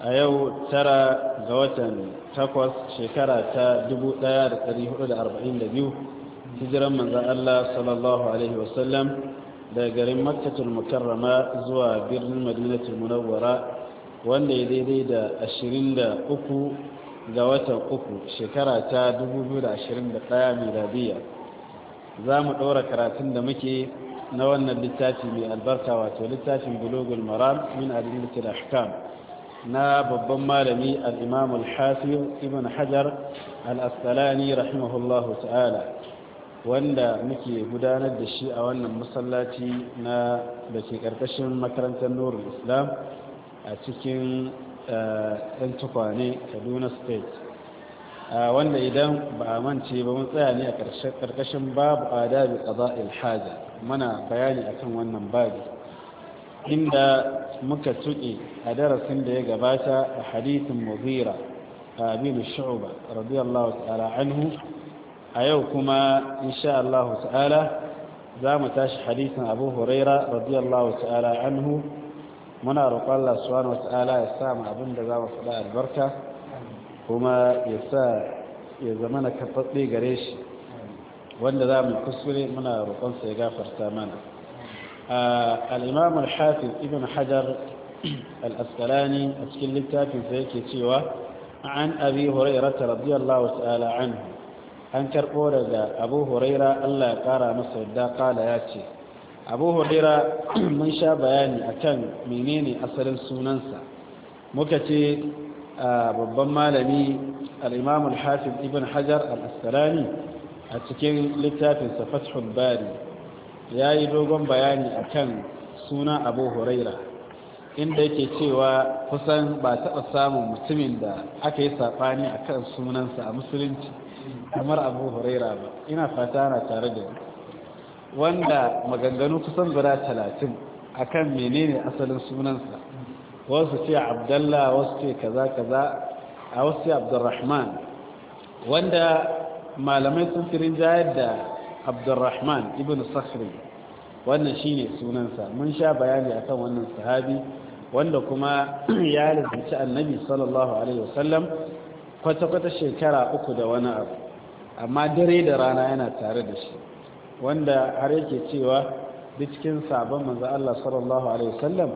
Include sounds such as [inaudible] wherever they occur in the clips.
a yau tara ga watan takwas shekara ta 1442 hijiran manzan Allah sallallahu Alaihi wasallam daga garin makkatul mukarrama zuwa birnin madinatul munawwara wanda ya daidai da 23 ga watan uku shekara ta 2021 miladiya za mu ɗora karatun da muke na wannan littafi mai albarka wato littafin bulogul maram min adilatul ahkam na babban malami al'imam al ibn hajar al-asqalani rahimahullahu ta'ala wanda muke gudanar da shi a wannan masallaci na da ke ƙarƙashin makarantar nurul islam a cikin ɗan eh, tukwane kaduna state wanda idan ba a mance ba mun tsaya ne a ƙarƙashin babu adabi ƙaza'il haja mana bayani akan wannan babi inda muka tuƙe a darasin da ya gabata a hadithin muhira a abinu shu'uba radiyallahu ta'ala anhu a yau kuma insha Allah ta'ala za mu tashi hadithin abu huraira radiyallahu ta'ala anhu muna roƙon Allah subhanahu ta'ala ya sa mu abin da za mu faɗa albarka kuma ya sa ya zama na karɓaɓɓe gare shi wanda za mu kuskure muna roƙonsa ya gafarta mana al'imam al-hafiz ibn hajar al-asqalani a cikin littafinsa yake cewa an abi hurairata radiyallahu ta'ala anhu an karɓo daga abu huraira allah ya ƙara masa yadda ƙala ya ce abu huraira mun sha bayani akan menene asalin sunansa muka ce babban malami al'imam al-hafiz ibn hajar al-asqalani a cikin littafinsa fathul bari ya yi dogon bayani a kan suna abu huraira inda yake cewa kusan ba taɓa samun mutumin da aka yi saɓani a kan sunansa a musulunci kamar abu huraira ba ina fata na tare da wanda maganganu kusan guda talatin a kan menene asalin sunansa wasu ce abdallah wasu ce kaza kaza a wasu ce abdurrahman wanda malamai sun firin jayar da abdurrahman ibn sakhri wannan shine sunansa mun sha bayani akan wannan sahabi wanda kuma [clears throat] ya lalci annabi sallallahu alaihi wasallam kwata-kwata shekara uku da wani abu amma dare da rana yana tare da shi wanda har yake cewa bitkin sabon manzo Allah sallallahu alaihi wasallam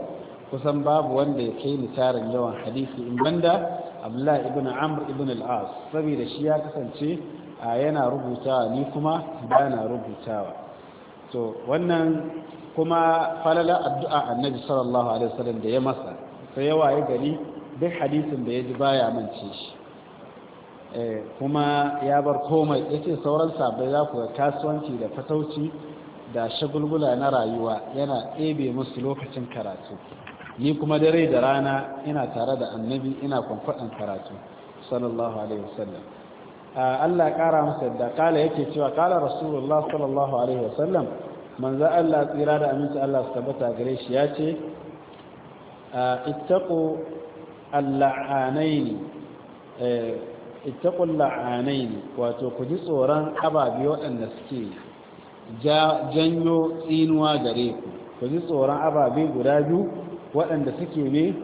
kusan babu wanda ya kai ni tarin yawan hadisi in banda Abdullah ibn Amr ibn al-As saboda shi ya kasance A yana rubutawa ni kuma ba na rubutawa to wannan kuma falala addu'a annabi sallallahu alaihi wasallam da ya masa sai ya waye gari duk hadisin da ya ji baya mance shi eh, kuma ya bar komai yace sauran bai za ku ga kasuwanci da fatauci da shagulgula na rayuwa yana ɗebe musu lokacin karatu ni kuma dare da rana ina tare da annabi ina kwamfaɗan karatu sallallahu alaihi wasallam Allah ya kara masa yadda kala yake cewa kala rasulullah sallallahu alaihi wasallam manzo Allah tsira da aminci Allah su tabbata gare shi ya ce ittaqu al-la'anaini ittaqu al-la'anaini wato ku ji tsoron ababi waɗanda suke janyo tsinuwa gare ku ku ji tsoron ababi guda biyu waɗanda suke ne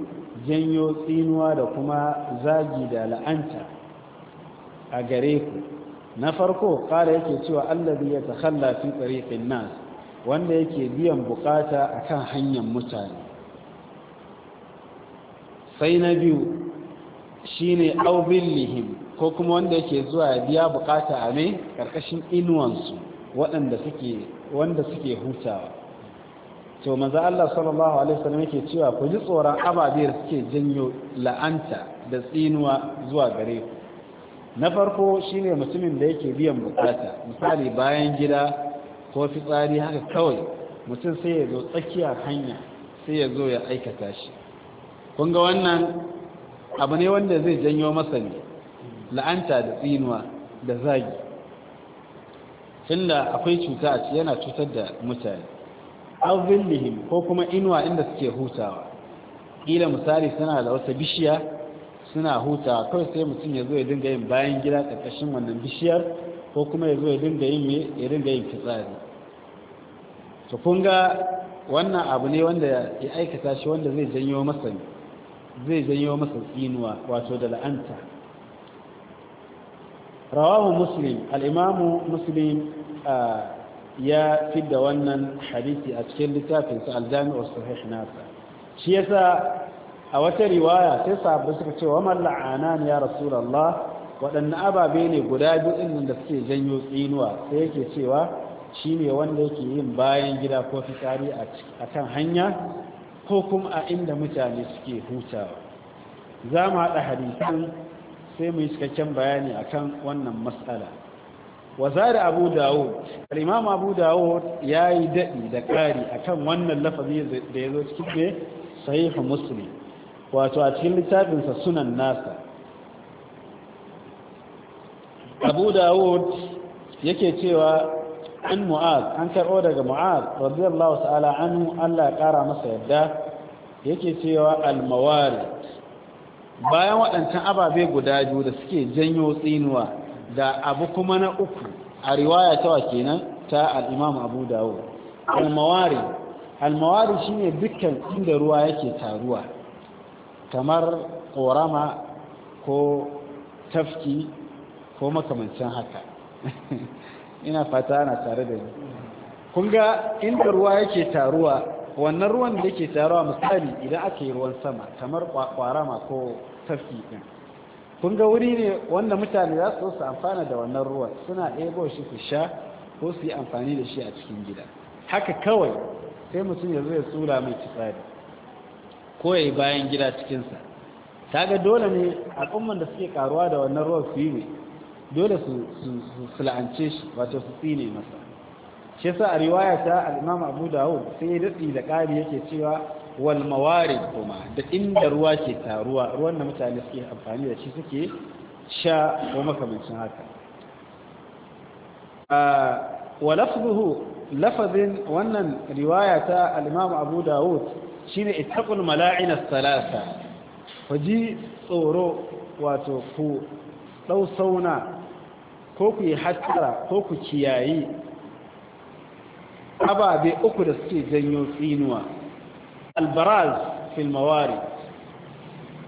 janyo tsinuwa da kuma zagi da la'anta a gare ku na farko ƙara yake cewa Allah ya takhalla fi tariqin nas wanda yake biyan bukata akan hanyar mutane sai na biyu shine lihim, ko kuma wanda yake zuwa ya biya bukata a ne karkashin inuwansu wanda suke hutawa to maza Allah sallallahu alaihi wasallam yake cewa ku ji tsoron ababe suke janyo la'anta da tsinuwa zuwa gare ku na farko shine mutumin da yake biyan bukata misali bayan gida ko fitsari haka kawai mutum sai ya zo tsakiyar hanya sai ya zo ya aikata shi kun ga wannan abu ne wanda zai janyo masa la'anta da tsinuwa da zagi tunda akwai cuta a yana cutar da mutane azillihim ko kuma inuwa inda suke hutawa ƙila misali suna da wata bishiya suna huta kawai sai mutum ya zo ya dinga yin bayan gida ƙarƙashin wannan bishiyar ko kuma ya zo ya dinga yin ya dinga yin fitsari to kun ga wannan abu ne wanda ya aikata shi wanda zai janyo masa zai janyo masa tsinuwa wato da la'anta rawahu muslim Al'imamu muslim ya fidda wannan hadisi a cikin littafinsa al sahih nasa shi yasa a wata riwaya sai sahabbai suka ce wa man ya rasulallah, waɗanne ababe ne guda biyu din da suke janyo tsinuwa sai yake cewa shi ne wanda yake yin bayan gida ko fitari a kan hanya ko kuma a inda mutane suke hutawa za mu haɗa hadisan sai mu yi cikakken bayani akan wannan matsala wa zari abu dawud al-imam abu dawud yayi daɗi da kari akan wannan lafazi da zo cikin ne sahih muslim wato a cikin littafinsa sunan nasa abu dawud yake cewa an mu'az an karɓo daga mu'az radiyallahu ta'ala anhu Allah ya ƙara masa yadda yake cewa almawari bayan waɗancan ababe guda biyu da suke janyo tsinuwa da abu kuma na uku a riwaya ta wa kenan ta al'imam abu al-mawari almawari almawari shine dukkan inda ruwa yake taruwa kamar ƙorama ko tafki ko makamancin haka [laughs] ina fata ana tare da ni kun ga inda ruwa yake taruwa wannan ruwan da yake taruwa misali idan aka yi ruwan sama kamar ƙorama ko tafki ɗin kun ga wuri ne wanda mutane za su su amfana da wannan ruwan suna ɗebo shi su sha ko su yi amfani da shi a cikin gida haka kawai sai mutum ya zo ya tsura mai tsari ko ya yi bayan gida cikinsa ta ga dole ne al'umman da suke karuwa da wannan ruwan su yi dole su la'ance shi wato su tsine masa shi sa a riwaya ta al'imam abu dawo sai ya daɗi da ƙari yake cewa wal mawari kuma da inda ruwa ke taruwa ruwan da mutane suke amfani da shi suke sha ko makamancin haka wa lafzuhu lafazin wannan riwaya ta al'imam abu dawud shine ne itakul mala'ina salasa Ku ji tsoro wato ku ɗau sauna ko ku yi hatsara ko ku kiyayi ababe uku da suke janyo tsinuwa albaraz filmawari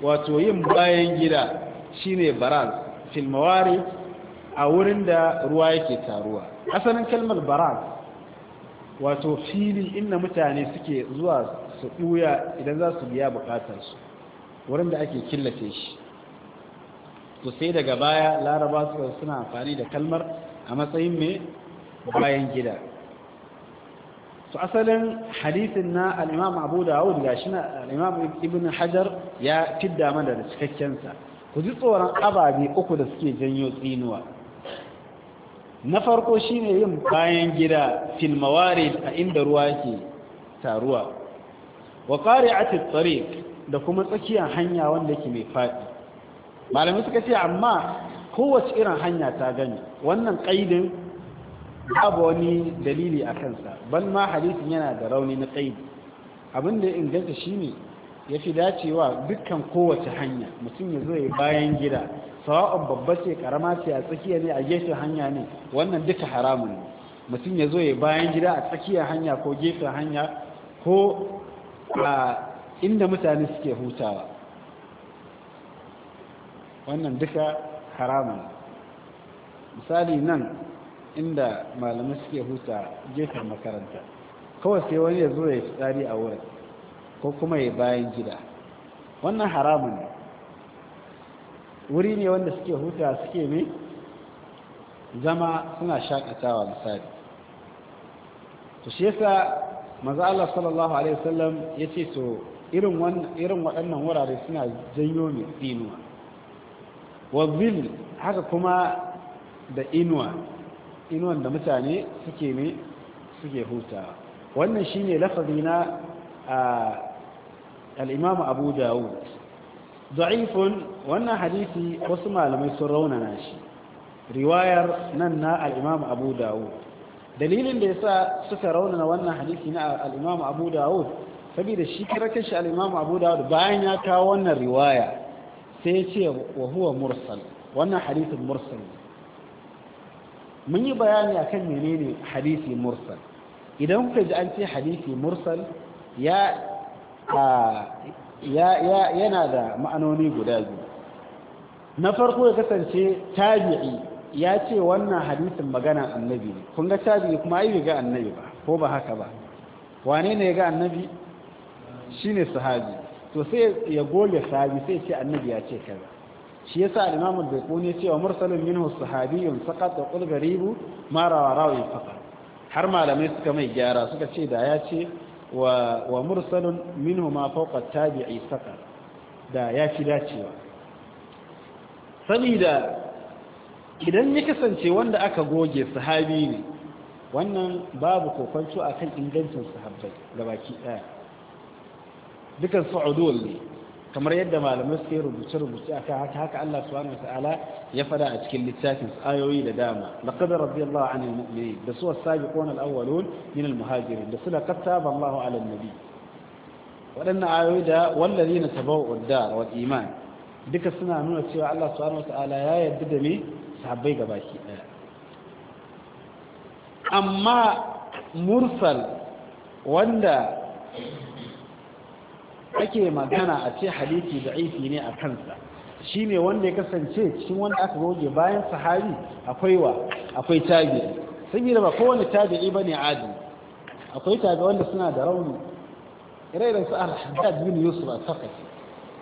wato yin bayan gida shine baraz filmawari a wurin da ruwa yake taruwa asalin kalmar baraz wato fili inda mutane suke zuwa su ɓuya idan za su biya bukatarsu wurin da ake killace shi to sai daga baya laraba suna amfani da kalmar a matsayin mai bayan gida Su asalin hadisin na al'imam abu dawud ga shi na al'imam ibn hajar ya fidda mana da cikakkensa ku ji tsoron ababe uku da suke janyo tsinuwa na farko shine yin bayan gida filmawari a inda ruwa ke taruwa wa qari'atit tariq da kuma tsakiyar hanya wanda yake mai fadi malamai suka ce amma kowace irin hanya ta gani wannan kaidin babu wani dalili a kansa ban ma hadisin yana da rauni na kaidi Abinda da ya inganta shine ya fi dacewa dukkan kowace hanya mutum ya zo ya bayan gida sawa'un babba ce karama ce a tsakiya ne a gefen hanya ne wannan duka haramun ne mutum ya zo ya bayan gida a tsakiyar hanya ko gefen hanya ko a inda mutane suke hutawa wannan duka haramun misali nan inda malamai suke huta gefen makaranta kawai sai wani ya zo ya tsari a wurin ko kuma ya bayan gida wannan haramun wuri ne wanda suke huta suke ne zama suna shakatawa misali to shi yasa maza Allah sallallahu alaihi wasallam ya ce to irin waɗannan wurare suna janyo mai inuwa wazil haka kuma da inuwa inuwan da mutane suke ne suke hutawa wannan shine lafazi na al-imam abu dawud da'ifun wannan hadisi wasu malamai sun raunana shi riwayar nan na al-imam abu dawud dalilin da ya sa suka raunana wannan hadisi na al-Imam Abu Dawud saboda shi karkar shi al Abu Dawud bayan ya kawo wannan riwaya sai ya ce wa huwa mursal wannan hadisin mursal mun yi bayani akan menene hadisi mursal idan kuka ji an ce hadisi mursal ya yana da ma'anoni guda biyu na farko ya kasance tabi'i ya ce wannan hadisin magana annabi ne kun ga tabi kuma ai ga annabi ba ko ba haka ba wane ne ya ga annabi shine sahabi to sai ya gole sahabi sai ce annabi ya ce kaza shi yasa al da ko ne cewa mursalun minhu sahabiyyun saqat wa qul garibu ma rawa rawi faqat har malamai suka mai gyara suka ce da ya ce wa wa mursalun minhu ma fawqa tabi'i saqat da ya fi dacewa sabida idan ya kasance wanda aka goge sahabi ne wannan babu kokwanto a kan ingancin sahabbai da baki ɗaya dukan sa'udul ne kamar yadda malamai suke rubuce-rubuce a haka haka Allah subhanahu wata'ala ya fada a cikin littafin ayoyi da dama laqad radiyallahu anil mu'minin da su sabiqun al-awwalun min al-muhajirin da suna laqad Allahu 'ala an-nabi waɗannan ayoyi da wallazina tabawwa'u ad-dar wal iman duka suna nuna cewa Allah subhanahu wata'ala ya yarda da me sahabbai gabaki daya amma mursal wanda ake magana a ce hadisi aiki ne a kansa shi ne wanda ya kasance cikin wanda aka goge bayan sahabi akwai wa akwai tabi'i saboda ba kowane tabi'i ba ne adi akwai tabi wanda suna da rauni ire-iren su al-haddad bin yusuf a sakaci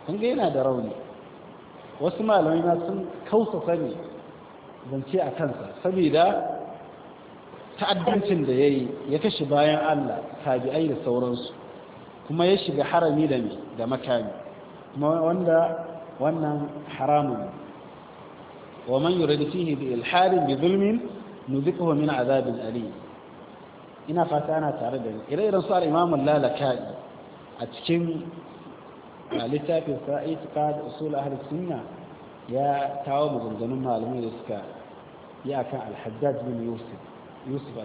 sun ga yana da rauni wasu malamai na sun kausa sani zance a kansa saboda ta'addancin da ya yi ya kashe bayan Allah tabi'ai da sauransu kuma ya shiga harami da mai da makami kuma wanda wannan haramun wa man yuridu fihi bi ilhadin bi zulmin nuzikuhu min azabin Ali. ina fata ana tare da ni ire-iren su al-imam lalakai a cikin littafin sa itiqad usul ahli sunna ya kawo maganganun malamai da suka ya kan bin yusuf yusuf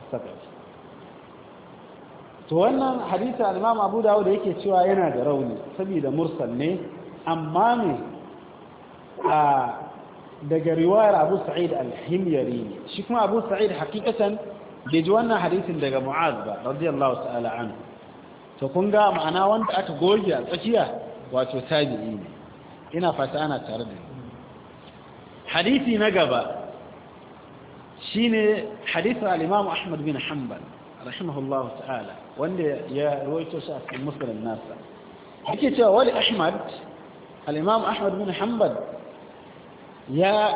to wannan hadisi al-imam abu dawud yake cewa yana da rauni saboda mursal ne amma ne a daga riwayar abu sa'id al-himyari shi kuma abu sa'id hakikatan bai ji wannan hadisin daga mu'az ba radiyallahu ta'ala anhu to kun ga ma'ana wanda aka goge a tsakiya wato tabi'i ne ina fata ana tare da hadisi na gaba shine hadithin al-imam Ahmad bin Hanbal rahimahullahu ta'ala wanda ya rawaito shi a cikin nasa yake cewa wani Ahmad al-imam Ahmad bin Hanbal ya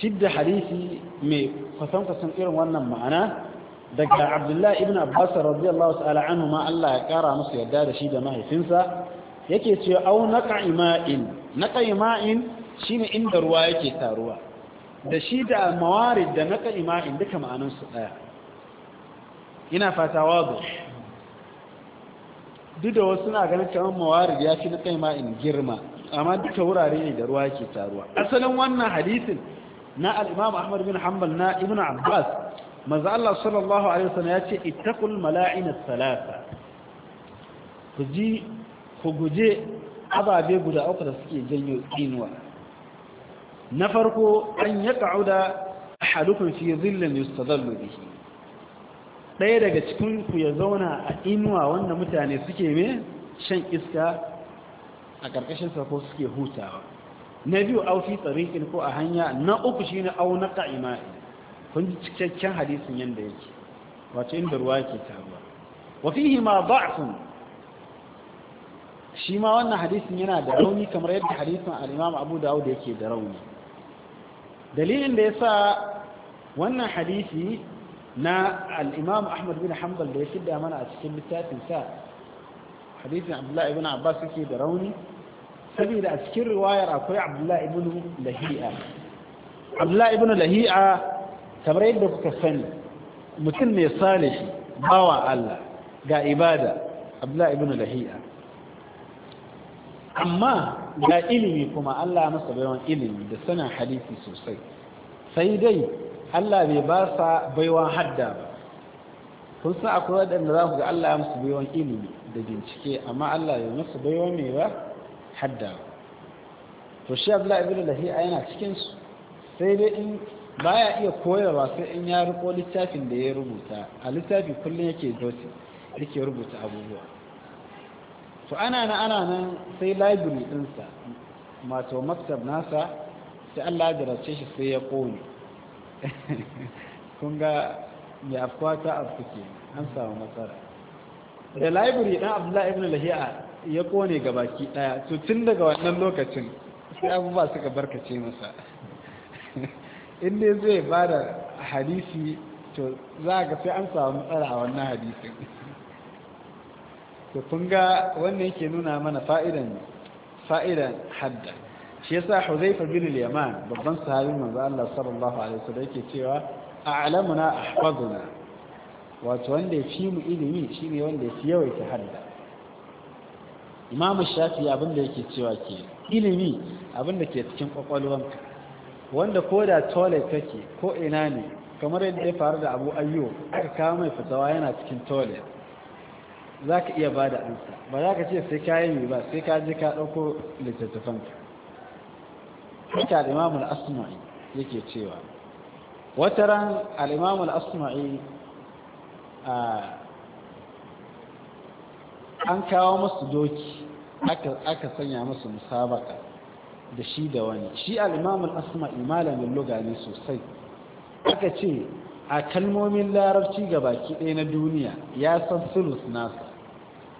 fidda hadisi mai kwasan kwasan irin wannan ma'ana daga abdullahi ibn Abbas radiyallahu ta'ala anhu ma Allah ya kara musu yadda da shi da mahaifinsa yake cewa au naqa'ima'in naqa'ima'in shine inda ruwa yake taruwa da shi da mawarid da naka ima'in duka ma'anansu ɗaya ina fata wazo duk da wasu na ganin kamar mawarid ya fi naka ima'in girma amma duka wurare ne da ruwa ke taruwa asalin wannan hadisin na al'imam ahmad bin hanbal na ibn abbas maza Allah sallallahu alaihi wasallam ya ce ittaqul mala'ina salasa ku ji ku guje ababe guda uku da suke janyo inuwa. na farko an ya ƙa'u a halukun fi zillin yustazallu bihi ɗaya daga cikinku ya zauna a inuwa wanda mutane suke mai shan iska a ƙarƙashin ko suke hutawa na biyu aufi tsarikin ko a hanya na uku shi ne au na ƙa'ima kun ji cikakken hadisun yadda yake wato inda ruwa yake taruwa wafihi ma sun? shi ma wannan hadisin yana da rauni kamar yadda hadisin al'imam abu da yake da rauni dalilin da ya sa wannan hadisi na al'imam ahmad bin hanbal da ya shidda mana a cikin littafinsa hadisin abdullahi ibn abbas suke da rauni saboda a cikin riwayar akwai abdullahi ibn lahi'a abdullahi ibn lahi'a kamar yadda kuka sani mutum ne salihi bawa allah ga ibada abdullahi ibn lahi'a amma ga ilimi kuma Allah ya masa baiwan ilimi da sanin hadisi sosai sai dai Allah bai ba sa baiwan hadda ba kun san akwai waɗanda za ku ga Allah ya masa baiwan ilimi da bincike amma Allah ya masa baiwan mai ba hadda to shi Abdullahi ibn Lahiya yana cikin su sai dai in baya iya koyarwa sai in ya riko littafin da ya rubuta a littafi kullum yake dote yake rubuta abubuwa to ana na ana nan sai library ɗinsa mato maktab nasa sai Allah ya race shi sai ya ƙone [laughs] kun ga ya afkuwa ta afku ke an samu matsala da library dan abdullahi ibn lahiya ya ƙone gabaki ɗaya to tun daga wannan lokacin sai abubuwa suka barkace masa [laughs] In ne zai ba da hadisi to za ga sai an samu matsala a wannan hadisin to kun ga wannan yake nuna mana fa'idan fa'idan hadda shi yasa Huzaifa bin al-Yaman babban sahabi manzo Allah sallallahu alaihi wasallam yake cewa a'lamuna ahfazuna wato wanda ya fi mu ilimi shine wanda ya fi yawaita hadda Imam Shafi abinda yake cewa ke ilimi abinda ke cikin kwakwalwanka wanda ko da toilet kake ko ina ne kamar yadda ya faru da Abu Ayyub aka kawo mai fitawa yana cikin toilet za ka iya ba da ansa ba za ka ce sai ka yi ba sai ka ji ka ɗauko ka haka al'imamun asma'i yake cewa wata ran al'imamun asma'i an kawo masu doki aka sanya masu musabaka da shi da wani shi al'imamun asma'i malamin luga ne sosai aka ce a kalmomin larabci ga baki ɗaya na duniya ya san sulus nasa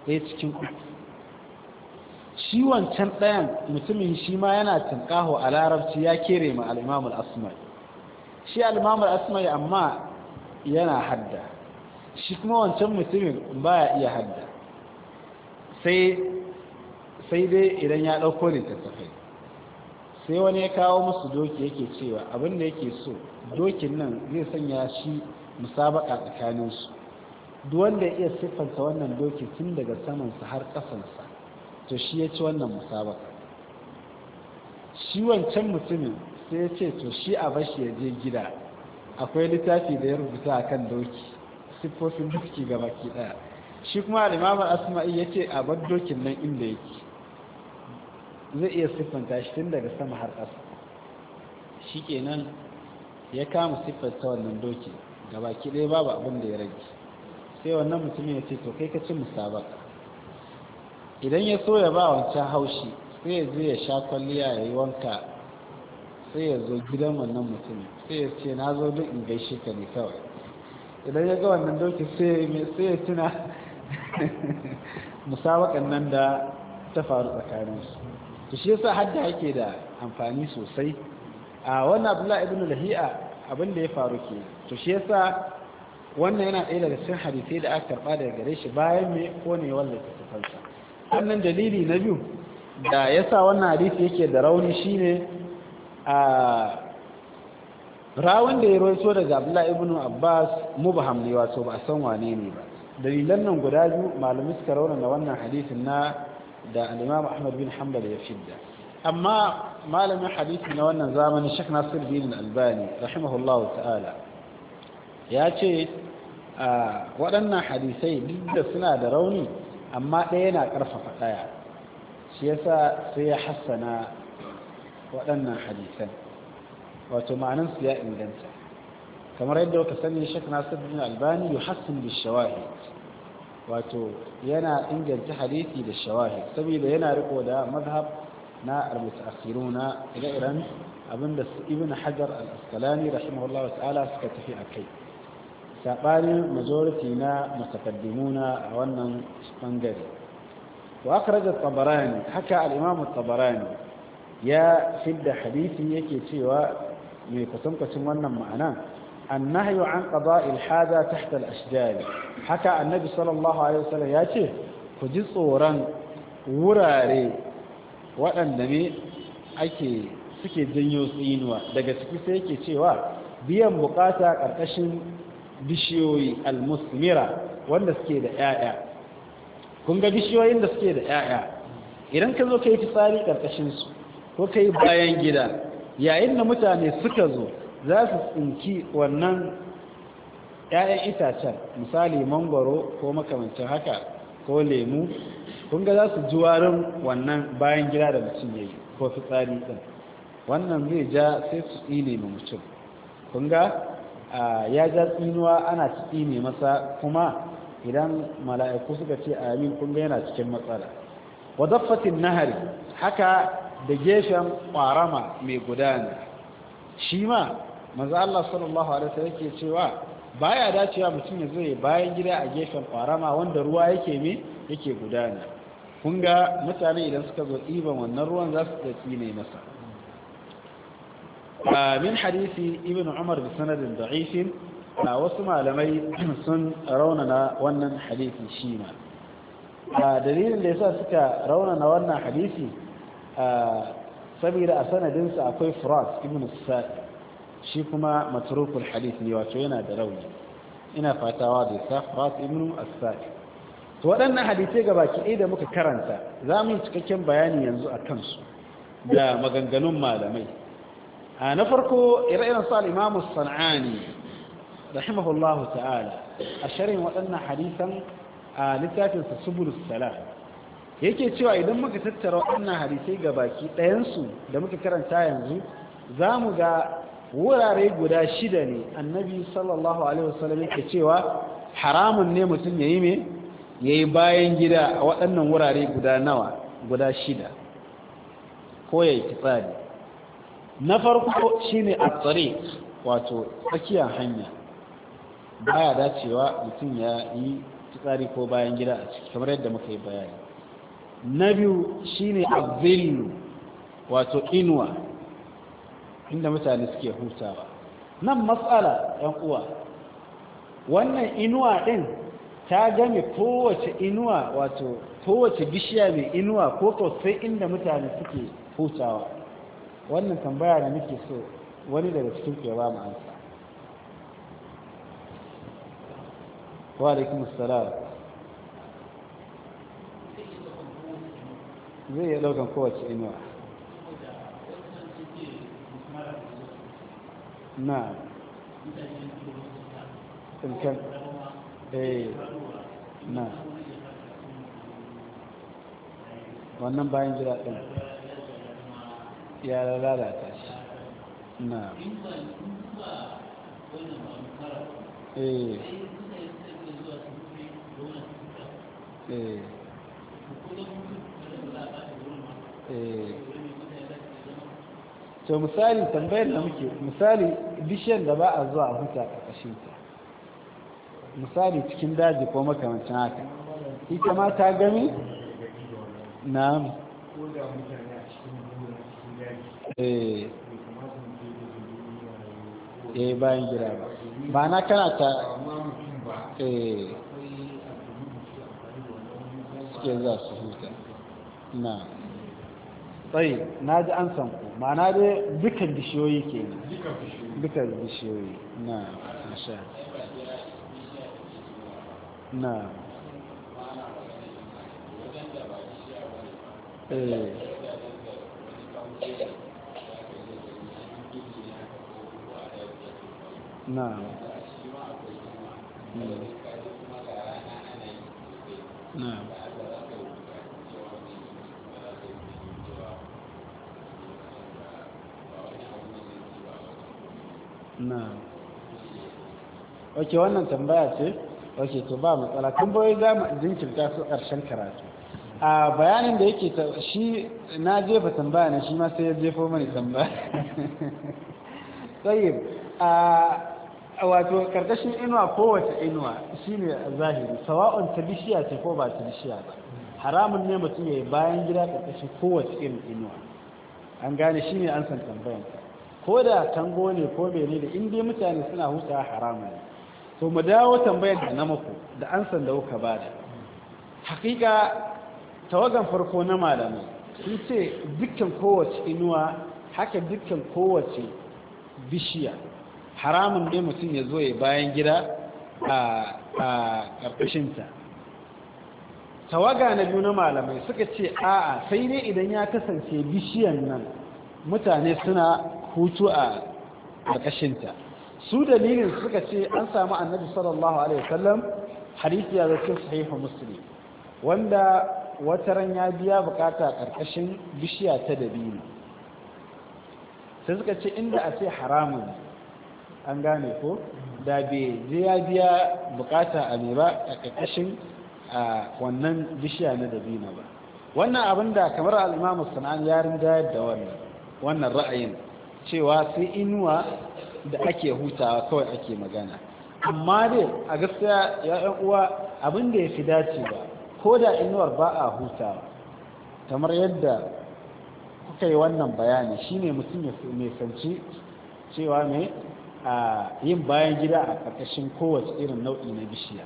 ɗaya cikin uku shi wancan ɗayan mutumin shi ma yana tunƙaho a larabci ya kere ma al'imamul asmai shi al'imamul asmai amma yana hadda shi kuma wancan mutumin ba ya iya hadda sai dai idan ya ɗauko ta littattafai sai wani ya kawo musu doki yake cewa abinda yake so dokin nan zai sanya shi musabaka tsakaninsu duwanda ya iya siffanta wannan doki tun daga samansa har kasansa to shi ya ci wannan musabaka shi wancan mutumin sai ya ce to shi a bashi ya je gida akwai littafi da ya rubuta a kan doki siffofin doki ga baki daya shi kuma alimamar asma'i ya ce a bar dokin nan inda yake zai iya siffanta shi tun daga sama har kasa shi kenan ya kama siffanta wannan doki ga baki ɗaya babu abin da ya rage sai wannan mutumin ya ce to kai ka ci musabaka idan ya so ya ba wancan haushi sai ya zo ya sha kwalliya ya yi wanka sai ya zo gidan wannan mutumin sai ya ce na zo duk in gaishe ka ne kawai idan ya ga wannan doki sai ya tuna [laughs] musabakan nan da ta faru tsakaninsu to shi yasa hadda yake da amfani sosai a wannan abdullahi ibn lahi'a abin da ya faru ke to shi yasa wannan yana ɗaya daga cikin hadisai da aka karɓa daga gare shi bayan mai konewar littattafansa wannan dalili na biyu da ya sa wannan hadisi yake da rauni shi ne a rawun da ya roito daga abdullahi ibn abbas mubham ne wato ba a san wane ne ba dalilan nan guda biyu malamai suka rauna na wannan hadisin na da alimam ahmad bin hanbal ya fidda amma malamin hadisi na wannan zamanin, shek nasir bin albani rahimahullahu ta'ala ya ce waɗannan hadisai duk da suna da rauni amma ɗaya na ƙarfafa ɗaya shi yasa sai ya hassana waɗannan hadisan wato ma'aninsu ya inganta kamar yadda waka sani shek nasir bin albani yi hassin da shawahi wato yana inganta hadisi da shawahid saboda yana riko da mazhab na almutaakhiru na ire-iren abinda su ibn hajar al-asqalani rahimahullah ta'ala suka tafi a kai saɓanin majority na matakaddimuna a wannan ɓangare wa akhraja tabarani haka al-imam tabarani ya fidda hadisi yake cewa mai kusankwacin wannan ma'ana annahyu an qada'il hada tahta al haka annabi sallallahu alaihi wasallam ya ce ku ji tsoron wurare waɗanda ne ake suke janyo tsinuwa daga ciki sai yake cewa biyan bukata ƙarƙashin bishiyoyi almusmira wanda suke da ƴaƴa kun ga bishiyoyin da suke da ƴaƴa idan ka zo ka yi fitsari ƙarƙashin su ko ka yi bayan gida yayin da mutane suka zo za su tsinki wannan ƴaƴan itacen misali mangoro ko makamancin haka ko lemu kun ga za su ji warin wannan bayan gida da mutum ya yi ko fitsari ɗin wannan zai ja sai su tsine ma mutum kun ga ya ja tsinuwa ana tsine masa kuma idan mala'iku suka ce amin kun ga yana cikin matsala wa daffatin nahari haka da gefen ƙwarama mai gudana shi ma manzo Allah sallallahu alaihi wasallam yake cewa baya dacewa mutum ya zo bayan gida a gefen ƙwarama wanda ruwa yake me yake gudana kun ga mutane idan suka zo ɗiban wannan ruwan za su tsine masa min hadisi ibn umar bi sanadin da'ifin na wasu malamai sun raunana wannan hadisi shi a dalilin da yasa suka raunana wannan hadisi saboda a sanadinsa akwai furas ibn sa'id shi kuma matrukul hadis ne yana da rauni ina fatawa da sa furas ibn sa'id to waɗannan hadisai ga baki ɗaya da muka karanta za mu yi cikakken bayani yanzu a kansu da maganganun malamai na farko ire-iren su al'imamu sana'ani rahimahullahu ta'ala a sharin waɗannan hadisan a littafinsa subul salam yake cewa idan muka tattara waɗannan hadisai ga baki ɗayansu da muka karanta yanzu za mu ga wurare guda shida ne annabi sallallahu alaihi wasallam yake cewa haramun ne mutum ya yi me ya yi bayan gida a waɗannan wurare guda nawa guda shida ko ya yi fitsari na farko shi ne a tsare wato tsakiyar hanya baya dacewa mutum ya yi tsari ko bayan gida a ciki kamar yadda muka yi bayani na biyu shi ne a azillu wato inuwa inda mutane suke hutawa nan matsala yan uwa wannan inuwa din ta game kowace inuwa wato kowace bishiya mai inuwa ko sosai inda mutane suke hutawa wannan tambaya da nake so wani daga cikin ke ba mu ansa wa alaikum assalam zai iya daukan kowace inuwa na tsinkan eh na wannan bayan jira ɗin ya lalata shi na eh. Eh. Eh. to misali tambayar da muke misali bishiyar da ba a zuwa a huta ƙarƙashin ta misali cikin daji ko makamancin haka ita ma ta gami na ko mutane Eh, eh bayan gida ba ba na kana ta eh suke za su huta na tsaye na ji an san ku ma na dai dukkan bishiyoyi ke ne dukkan bishiyoyi na sha na eh na na na ok wannan tambaya ce ok to ba matsala bai za mu jinkirta su ƙarshen karatu a bayanin da yake shi na jefa tambaya na shi ma sai ya jefo mani tambaya [laughs] tsayin a wato karkashin inuwa kowace inuwa shine zahiri sawa'un ta bishiya ce ko ba ta bishiya ba haramun ne mutum ya yi bayan gida karkashin kowace irin inuwa an gane shine an san tambayan ko da tango ne ko ne da in dai mutane suna huta haramun ne to mu dawo tambayar da na maku da an san da kuka bada hakika tawagan farko na malamai sun ce dukkan kowace inuwa haka dukkan kowace bishiya haramun ne mutum ya zo ya bayan gida a ƙarƙashinta tawaga na biyu na malamai suka ce a'a sai ne idan ya kasance bishiyan nan mutane suna hutu a ƙarƙashinta su dalilin suka ce an samu annabi sallallahu alaihi wasallam hadisi ya zace sahihu muslim wanda wata ran ya biya bukata ƙarƙashin bishiya ta dabino sai suka ce inda a ce haramun an gane ko da bai je ya biya bukata a ne ba a ƙarƙashin wannan bishiya na dabino ba wannan abin da kamar al'imamu sana'an ya da wannan wannan ra'ayin cewa sai inuwa da ake hutawa kawai ake magana amma dai a gaskiya ya uwa abin da ya fi dace ba ko da inuwar ba a hutawa kamar yadda kuka yi wannan bayani shine mutum ya sanci cewa mai a yin bayan gida a ƙarƙashin kowace irin nau'i na bishiya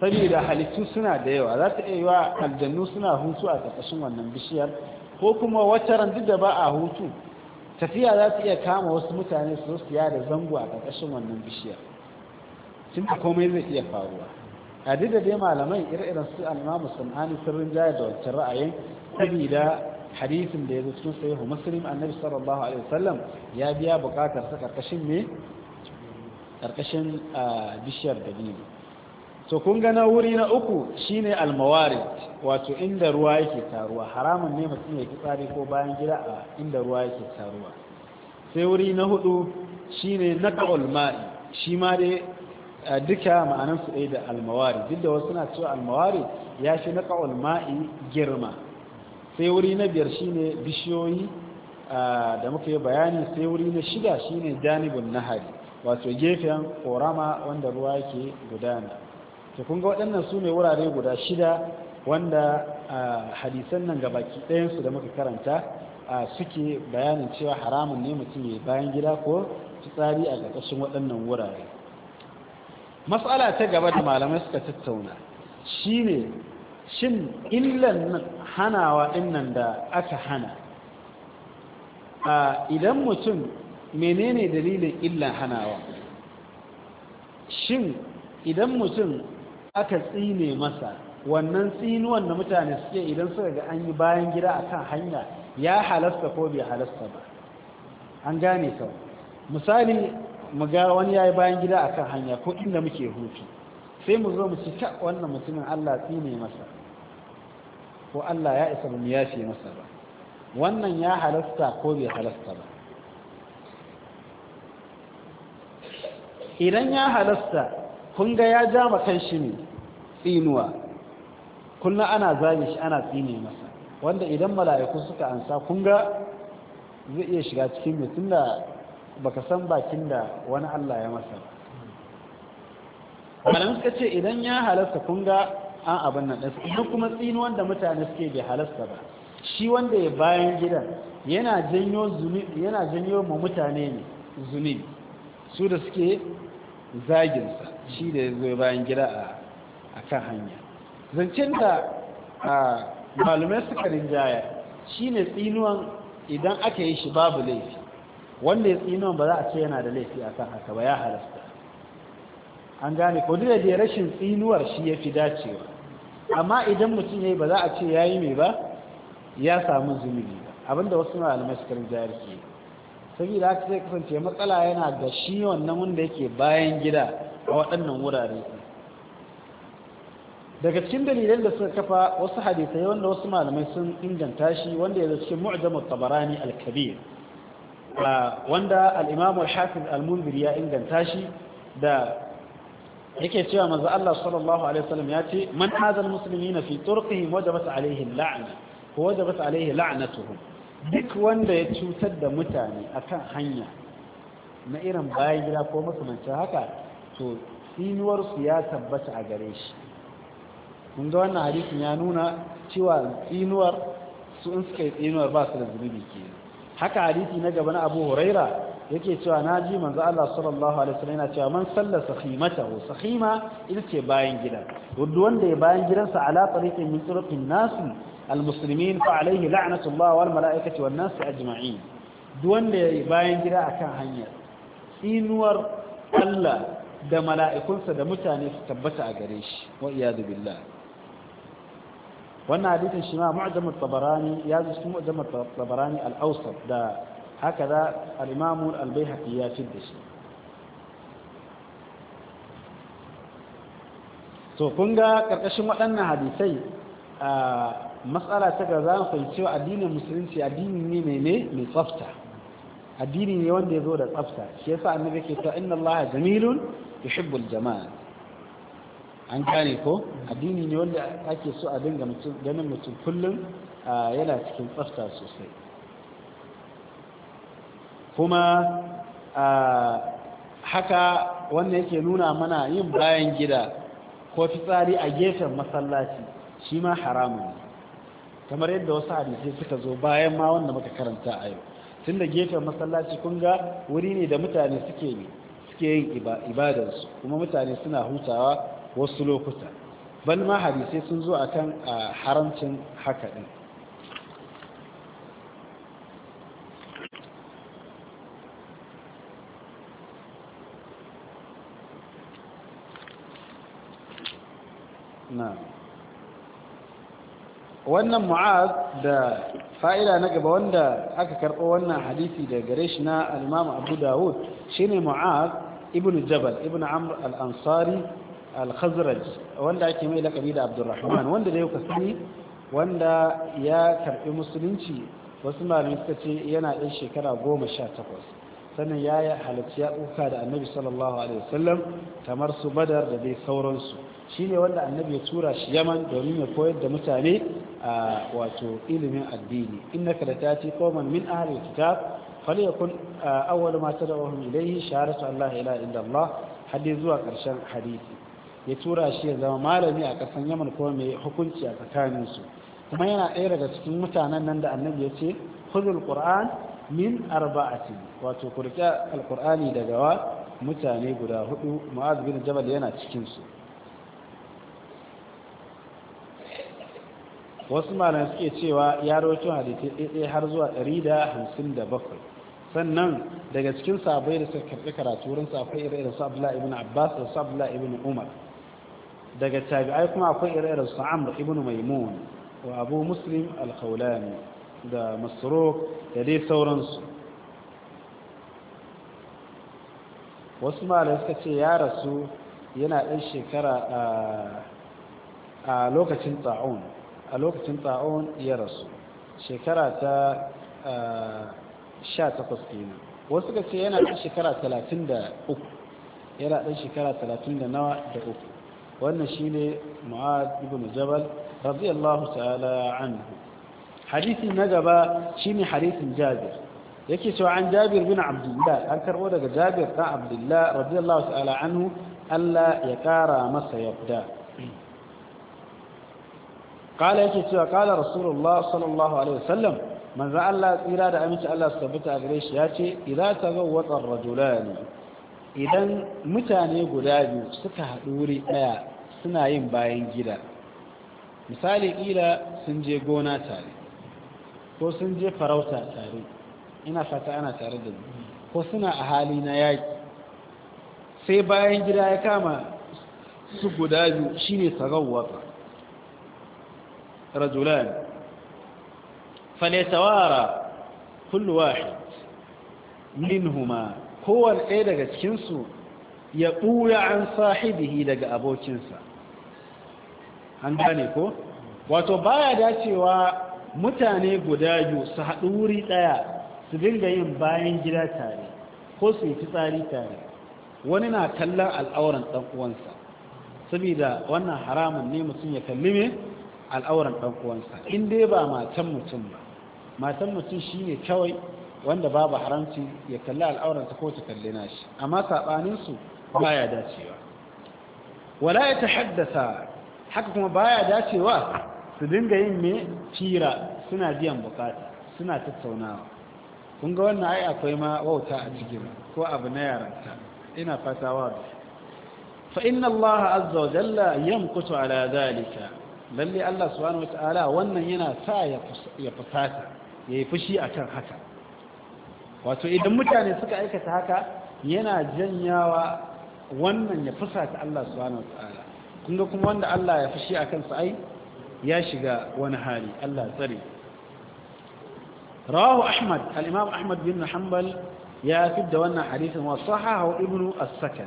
saboda halittu suna da yawa za ta iya yi wa aljannu suna hutu a ƙarƙashin wannan bishiyar ko kuma wata duk da ba a hutu tafiya za ta iya kama wasu mutane su su siya da zango a ƙarƙashin wannan bishiyar tun komai zai iya faruwa a duk da dai malamai ire-iren su almamu musulmani sirrin jaya da wancan ra'ayin saboda hadisin da ya zo cikin sahihu muslim annabi sallallahu alaihi wasallam ya biya bukatar sa ƙarƙashin me ƙarƙashin bishiyar dalili to kun gana wuri na uku shine almawari wato inda ruwa yake taruwa haramun ne mutum ya tsari ko bayan gida a inda ruwa yake taruwa sai wuri na hudu shine naqul ma'i shi ma dai duka ma'anan su ɗaya da almawari duk da wasu na cewa almawari ya fi naqul ma'i girma sai wuri na biyar shine bishiyoyi da muka yi bayani sai wuri na shida shine janibun nahari wato gefen korama wanda ruwa ke gudana to kun waɗannan su ne wurare guda shida wanda hadisan nan ga baki ɗayansu da muka karanta suke bayanin cewa haramun ne mutum ya bayan gida ko tsari a ƙarƙashin waɗannan wurare matsala ta gaba da malamai suka tattauna shine shin illan hanawa ɗin da aka hana idan mutum menene dalilin illan hanawa shin idan mutum aka tsine masa wannan tsinuwan da mutane suke idan suka ga an yi bayan gida akan hanya ya halasta ko bai halasta ba an gane kawo misali mu ga wani ya yi bayan gida akan hanya ko inda muke hutu sai mu zo mu ci ta wannan mutumin Allah tsine masa ko Allah ya isa mu fi masa ba wannan ya halasta ko bai halasta ba idan ya halasta kun ga ya ja makan shi ne tsinuwa kullum ana zane shi ana tsine masa wanda idan mala'iku suka ansa kun ga zai iya shiga cikin mutum da baka san bakin da wani Allah ya masa malam suka ce idan ya halasta kun ga an abin nan da su kuma tsinuwan da mutane suke bai halasta ba shi wanda ya bayan gidan yana janyo ma mutane ne zunubi su da suke zaginsa shi da ya zo bayan gida a kan hanya zancen da malumai suka rinjaya shi ne tsinuwan idan aka yi shi babu laifi wanda ya tsinuwan ba za a ce yana da laifi a kan haka ba ya halasta an gane ko da rashin tsinuwar shi ya fi dacewa amma idan mutum ya yi ba za a ce ya yi mai ba ya samu zunubi ba abinda wasu malamai suka rinjayar ke yi sabida haka sai kasance matsala yana ga shi wannan wanda yake bayan gida a waɗannan wurare daga cikin dalilan da suka kafa wasu hadisai wanda wasu malamai sun inganta shi wanda ya cikin mu'jamut tabarani al-kabir wanda al-imam al-hafiz al-munzir ya inganta shi da yake cewa manzo Allah sallallahu alaihi wasallam ya ce man hadha al-muslimina fi turqihim wajabat alaihim la'na wajabat alaihi la'natuhum duk wanda ya cutar da mutane a kan hanya na irin bayan gida ko makamancin haka to tsinuwarsu ya tabbata a gare shi kun ga wannan hadisin ya nuna cewa tsinuwar su in suka yi tsinuwar ba su da zunubi ke haka hadisi na gaba na abu huraira yake cewa na ji manzo Allah sallallahu alaihi wasallam yana cewa man salla sahimatahu sahima ita ce bayan gida wanda ya bayan gidansa ala tariqin min turuqin nasu المسلمين فعليه لعنة الله والملائكة والناس أجمعين دون باين جدا أكان هنيا إنور الله da mala'ikunsa da mutane su tabbata a gare shi wa billah wannan hadisin shi ma mu'jamar tabarani ya zo cikin mu'jamar al-awsat da haka al-imam al-baihaqi ya fid da shi to kun ga karkashin waɗannan hadisai matsala ta ga za mu fahimci cewa addinin musulunci addini ne mai ne mai tsafta addini ne wanda ya zo da tsafta shi yasa annabi ke cewa inna allaha jamilun yuhibbul jama'a an gane ko addini ne wanda ake so a dinga mutum ganin mutum kullum yana cikin tsafta sosai kuma haka wannan yake nuna mana yin bayan gida ko fitsari a gefen masallaci shi ma haramun kamar yadda wasu hadisai suka zo bayan ma wanda muka karanta a yau tun da gefen masallaci kun ga wuri ne da mutane suke yi suke yin ibadarsu kuma mutane suna hutawa wasu lokuta ban ma hadisai sun zo akan haramcin haka din no. wannan mu'az da fa'ida na gaba wanda aka karɓo wannan hadisi da gare shi na al-imam abu dawud shine mu'az ibn jabal ibn amr al-ansari al-khazraj wanda ake mai lakabi da abdurrahman wanda da yau wanda ya karɓi musulunci wasu malami suka ce yana ɗan shekara goma sha takwas sannan ya yi halarci ya ɗauka da annabi sallallahu alaihi wasallam kamar su badar da dai sauransu shi ne wanda annabi ya tura shi yaman domin ya koyar da mutane a wato ilimin addini innaka da ta ci koman min ahalin kitab falyakun awwal ma tad'uhum ilayhi shahadatu an la ilaha illa allah hadi zuwa karshen hadisi ya tura shi ya zama malami a kasan yaman kuma mai hukunci a tsakaninsu kuma yana ɗaya daga cikin mutanen nan da annabi ya ce khudhul qur'an min arba'atin wato kurka alqur'ani daga wa mutane guda hudu mu'az bin jabal yana cikin su wasu malamai suke cewa ya rawaito hadisi ɗaiɗai har zuwa 157 sannan daga cikin sabai da suka karɓi karatu wurin akwai ire-iren su Abdullahi ibn Abbas da su Abdullahi ibn Umar daga tabi'ai kuma akwai ire-iren su Amr ibn Maimun wa Abu Muslim al-Khawlani da masrok da dai sauransu wasu malai suka ce ya rasu yana ɗan shekara a lokacin ta'un a lokacin ta'un ya rasu shekara ta 18 kenan wasu suka ce yana ɗan shekara 33 yana ɗan shekara 30 da nawa da uku wannan shine mu'ad ibn jabal radiyallahu ta'ala anhu hadisi na gaba shine hadisin jabir yake cewa an jabir bin abdullah an karbo daga jabir dan abdullah radiyallahu ta'ala anhu Allah ya kara masa yadda قال yake cewa قال رسول الله صلى الله عليه وسلم tsira da aminci Allah su tabbata a gare shi yace ta tazawwata ar-rajulani idan mutane guda biyu suka haɗu wuri ɗaya suna yin bayan gida misali ƙila sun je gona tare ko sun je farauta tare ina fata ana tare da ko suna a hali na yaƙi sai bayan gida ya kama su guda biyu shi shine tagawwaka rajulan falyatawara kullu wahid minhuma kowanne ɗaya daga cikinsu ya ɓuya an sahibihi daga abokinsa an gane ko wato baya dacewa mutane guda biyu su haɗu wuri ɗaya su dinga yin bayan gida tare ko su yi fitsari tare wani na kallon al'auran ɗan uwansa saboda wannan haramun ne mutum ya kalli me al'auran ɗan uwansa in ba matan mutum ba matan mutum shi ne kawai wanda babu haramci ya kalli al'auransa ko ta kalli nashi amma saɓaninsu ba ya dacewa wala ya tahaddasa haka kuma ba ya dacewa su dinga yin me fira. suna biyan bukata suna tattaunawa kun ga wannan ai akwai ma wauta a cikin ko abu na yaranta ina fata wa fa inna Allah azza wa jalla yamkutu ala zalika lalle Allah subhanahu wa ta'ala wannan yana sa ya fusata yayi fushi akan haka wato idan mutane suka aikata haka yana janyawa wannan ya fusata Allah subhanahu wa ta'ala kun ga kuma wanda Allah ya fushi akan sa ai ya shiga wani hali Allah tsare rawahu ahmad al-imam ahmad bin hanbal ya fidda wannan hadisin wasu sahahu ibn as-sakan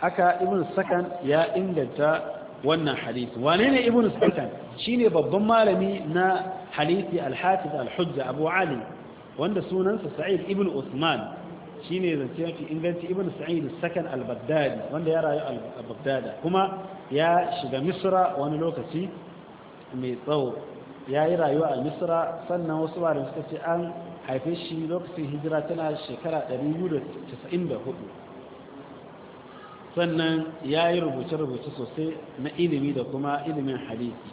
haka ibn sakan ya inganta wannan hadisi wane ne ibn sakan shine babban malami na hadisi al-hafiz al-hujja abu ali wanda sunansa sa'id ibn usman shine zance mafi inganci ibnu sa'id sakan al wanda ya rayu al-baghdada kuma ya shiga misra wani lokaci mai tsawo ya yi rayuwa a misra sannan wasu warin suka ce an haife shi lokacin hijira tana shekara 294 sannan ya yi rubuce-rubuce sosai na ilimi da kuma ilimin hadisi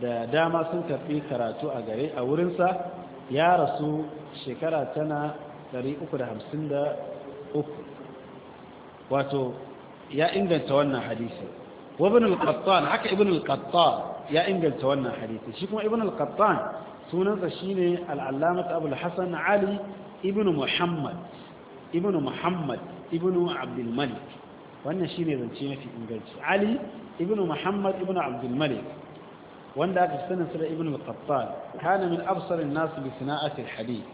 da dama sun karfi karatu a gare a wurinsa ya rasu shekara tana 353 wato ya inganta wannan hadisi wabin al-qattan haka ibn al-qattan ya inganta wannan hadisi shi kuma ibn al-qattan sunansa shine al-allamat abul hasan ali ibn muhammad ibn muhammad ibn abdul malik wannan shine zance mafi inganci ali ibn muhammad ibn abdul malik wanda aka sanin sa ibn al-qattan kana min absar an-nas bi sana'ati al-hadith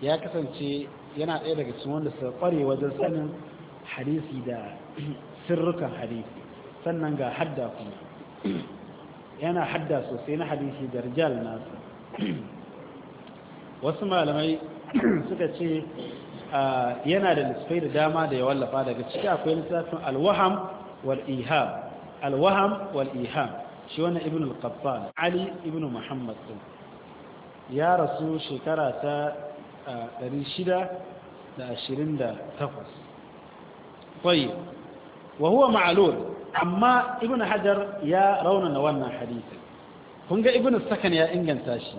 ya kasance yana ɗaya daga cikin wanda suka kware wajen sanin hadisi da [clears throat] sirrukan hadisi sannan ga hadda kuma yana hadda sosai na hadisi da rijal nasa wasu malamai suka ce yana da littafai da dama da ya wallafa daga ciki akwai lissafin alwaham wal iham alwaham wal iham shi wani ibn al ali ibn muhammad din ya rasu shekara ta 628 tayyib wa huwa ma'lul amma ibn hajar ya raunana wannan hadisi kun ga ibn sakan ya inganta shi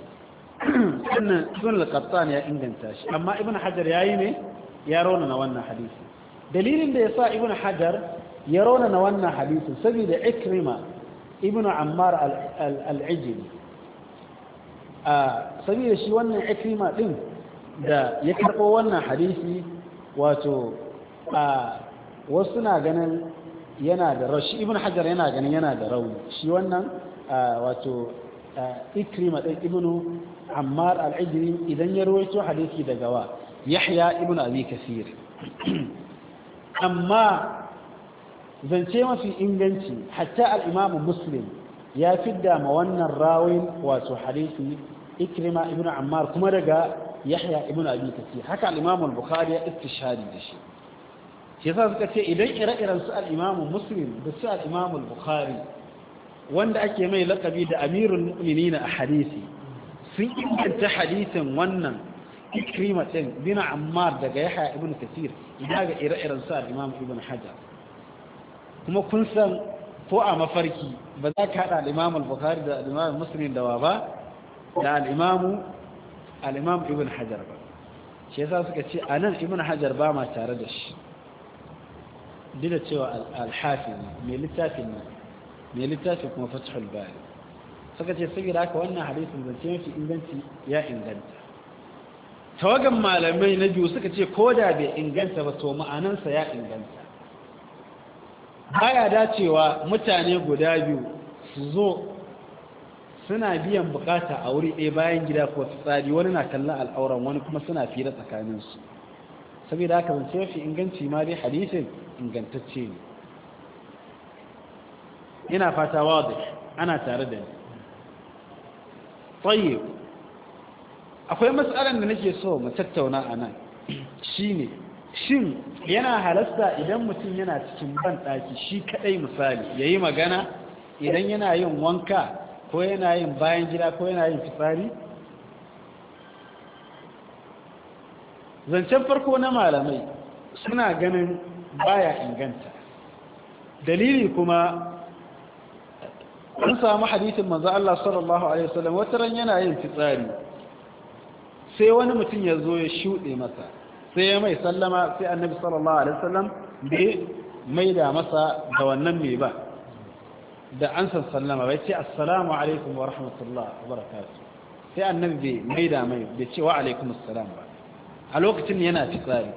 [clears throat] sannan ibn al-qattan ya inganta shi amma ibn hajar yayi ne ya raunana wannan hadisi dalilin da yasa ibn hajar ya raunana wannan hadisi saboda ikrima ibn ammar al-ajli a saboda shi wannan ikrima din da ya karbo wannan hadisi wato a wasu na ganin yana da shi ibn hajar yana ganin yana da rauni shi wannan wato ikrima ɗan ibn ammar al idan ya rawaito hadisi daga wa yahya ibn abi kasir [clears throat] amma zance mafi inganci hatta al muslim ya fidda ma wannan rawin wato hadisi ikrima ibn ammar kuma daga yahya ibn abi kasir haka al al-bukhari ya istishhadi da shi shi yasa suka ce idan ire-iren su al-Imam Muslim da su al-Imam Bukhari wanda ake mai lakabi da Amirul Mu'minin a hadisi sun inganta hadisin wannan Ikrima din bin Ammar daga Yahya ibn Kathir idan ga ire-iren su al-Imam Ibn Hajar kuma kun san ko a mafarki ba za ka hada al-Imam Bukhari da al-Imam Muslim da wa ba da al-Imam al-Imam Ibn Hajar ba shi yasa suka ce anan Ibn Hajar ba ma tare da shi duk da cewa alhafi mai littafin nan mai littafin kuma fatihul bari suka ce saboda haka wannan hadisin zance mafi inganci ya inganta tawagan malamai na biyu suka ce ko da bai inganta ba to ma'anansa ya inganta baya dacewa mutane guda biyu su zo suna biyan bukata a wuri ɗaya bayan gida ko tsari wani na kallon al'auran wani kuma suna fira tsakaninsu saboda haka zance shi inganci ma dai hadisin ingantacce ne ina fata wadda ana tare da ni tsaye akwai matsalar da nake so mu tattauna a nan ne shin yana halasta idan mutum yana cikin banɗaki shi kaɗai misali ya yi magana idan yana yin wanka ko yana yin bayan gida ko yana yin fitsari zancen farko na malamai suna ganin baya inganta dalili kuma an samu hadisin manzo Allah sallallahu alaihi wasallam wata ran yana yin fitsari sai wani mutum ya zo ya shuɗe masa sai ya mai sallama sai annabi sallallahu alaihi wasallam bai mai da masa da wannan mai ba da an san sallama bai ce assalamu alaikum wa rahmatullahi wa barakatuh sai annabi bai mai da mai bai ce wa alaikum assalam ba a lokacin yana fitsari